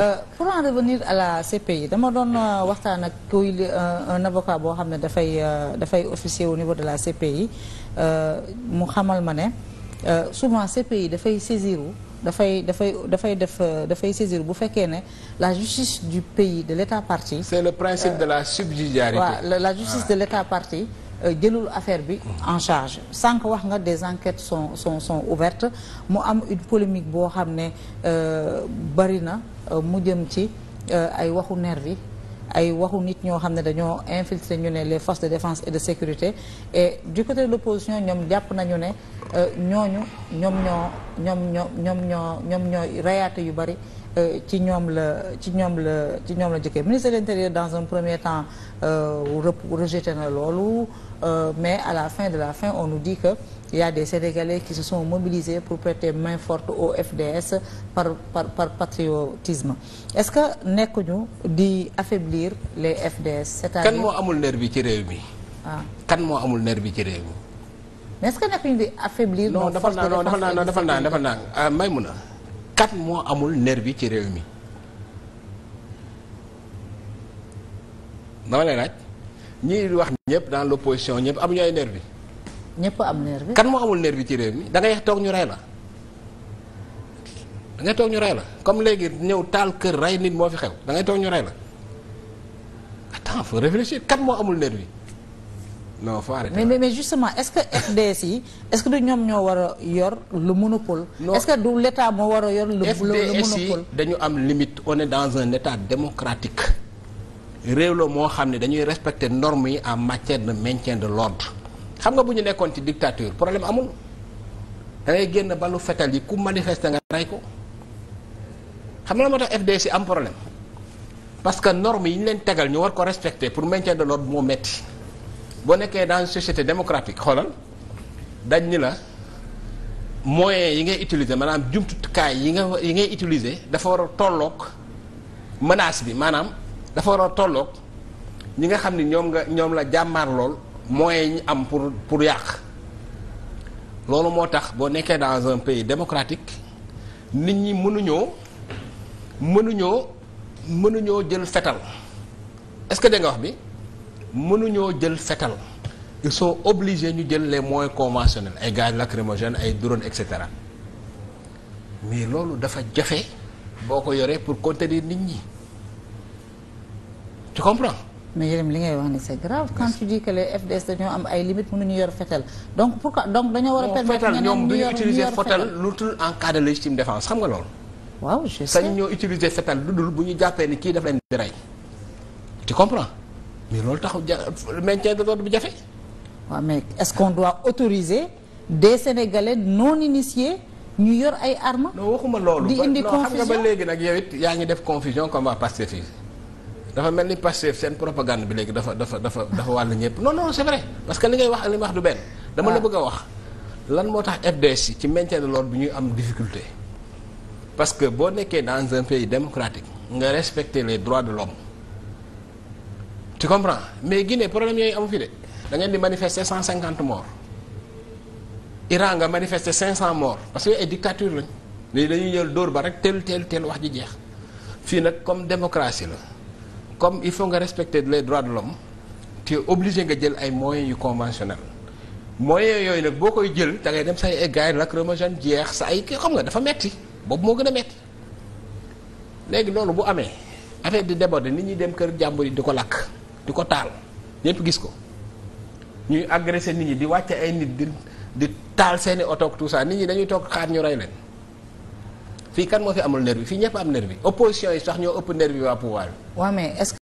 Euh, pour en revenir à la CPI dama doon euh, waxtaan ak kuy euh, un avocat boo xam ne dafay dafay officier au niveau de la CPI mu xamal ma ne souvent CPI dafay saisiru dafay dafay dafay def dafay saisir bu fekkee ne la justice du pays de l'état partie. c'est le principe de la subsidiarité. waaw la justice ah. de l'état partie. Euh, jëlul affaire bi en charge sànq wax nga des enquêtes sont sont sont ouvertes mu am une polémique boo xam ne euh, bari na euh, mu jëm ci ay waxu nervi ay waxu nit ñoo xam ne dañoo infiltrer ñu ne les forces de défense et de sécurité et du côté de l'opposition ñoom jàpp nañu ne ñooñu ñoom ñoo ñoom ñoo ñoom ñoo ñoom ñoo ñoom ñoo reyaate yu bari Euh, ci ñoom la ci ñoom la ci ñoom la jëkkee ministre de l'intérieur dans un premier temps euh, rejeté na loolu euh, mais à la fin de la fin on nous di que il y a des Sénégalais qui se sont mobilisés pour prêter main forte au FDS par par par patriotisme est-ce que nekkuñu di affaiblir les FDS. cest à kan moo amul nerf bi ci réew mi. ah kan moo amul nerf bi ci réew mi. mais est-ce que nekkuñu di affaiblir. non defal naa non defal naa defal naa defal ah, naa Maymuna kan moo amul nervi ci réew mi maa lay laaj ñi wax ñëpp dans l'opposition ñëpp amuñu ay nervi ñëpp am nervi kan moo amul nervi ci réew mi dangay ngay toog ñu rey la da ngay toog ñu rey la comme léegi ñëw taal kër rey nit moo fi xew dangay ngay toog ñu rey la attends faut réfléchir kan moo amul nervi non faut mais mais justement est-ce que FDS yi est-ce que du ñoom ñoo war a yor lu monopole. est-ce que du l'État moo war a yor. le monopole FDS dañu am limite on est dans un État démocratique réew la moo xam ne dañuy respecter normes yi en matière de maintien de l'ordre xam nga bu ñu nekkoon ci dictature problème amul da génn balu fetal yi ku manifester nga rey ko xam nga la moo tax FDS yi am problème parce que normes yi ñu leen tegal ñu war ko respecter pour maintien de l'ordre moo metti boo nekkee dans société démocratique xoolal dañ ni la moyens yi ngay utiliser maanaam jumtutukaay yi nga yi ngay utiliser dafa war a tollook menace bi maanaam dafa war a tollook ñi nga xam ni ñoom nga ñoom la jàmmaar lool moyens yi ñu am pour pour yàq loolu moo tax boo nekkee dans un pays démocratique nit ñi mënuñoo mënuñoo mënuñoo jël fetal est-ce que dégg nga wax bi mënuñoo jël fetal ils sont obligés ñu jël les moyens conventionnels ay gaz lacrymogène ay drone et cetera mais loolu dafa jafe boo ko yoree pour contenir nit ñi tu comprends. mais Yérim li ngay wax ni c'est grave. quand tu dis que FDS dañoo am ay limites mënuñu yor fetal donc pourquoi donc dañoo war a. permettre ñeneen ñu yor fetal ñoom duñu utiliser fetal lu dul en cas de légitime défense xam nga loolu. waaw je sañ ñoo utiliser fetal lu dul bu ñu jàppee ni kii daf leen di rey tu comprends. mais loolu taxu ja maintien de l'ordre bi jafe. waaw mais est-ce qu'on doit autoriser des Sénégalais non initiés ñu yor ay armes. non waxuma loolu di indi confusion xam nga ba léegi nag yow yaa ngi def confusion comme waa Pastef yi dafa mel ni Pastef seen propagande bi léegi dafa dafa dafa dafa wàll ñëpp noonu non c'est vrai parce que li ngay wax ak li ma wax du benn. dama la bëgg a wax lan moo tax FDS ci maintien de bu ñuy am difficulté. parce que boo nekkee dans un pays démocratique nga respecter les droits de l'homme tu comprends mais Guinée problème yooyu amu fi de da ngeen di manifester cent cinquante morts Iran nga manifester cinq cent morts parce que ay dictature lañ léegi dañuy jël dóor ba rek teel teel teel wax ji jeex fii nag comme démocratie la comme il faut nga respecter les droits de l'homme obligé nga jël ay moyens yu conventionnels moyens yooyu nag boo koy jël da ngay dem sa ay gars lacrymogène jeex sa ay kii xam nga dafa metti boobu moo gën a metti léegi loolu bu amee affaire di déborder nit ñi dem kër jàmbur yi di ko lakk di ko taal ñëpp gis ko ñuy agressé nit ñi di wàcce ay nit di di taal seeni oto ak tout nit ñi dañuy toog xaar ñu rey leen fii kan moo fi amul nervi fii ñëpp am nervi opposition yi sax ñoo ëpp nervi waa pouvoir bi. waaw mais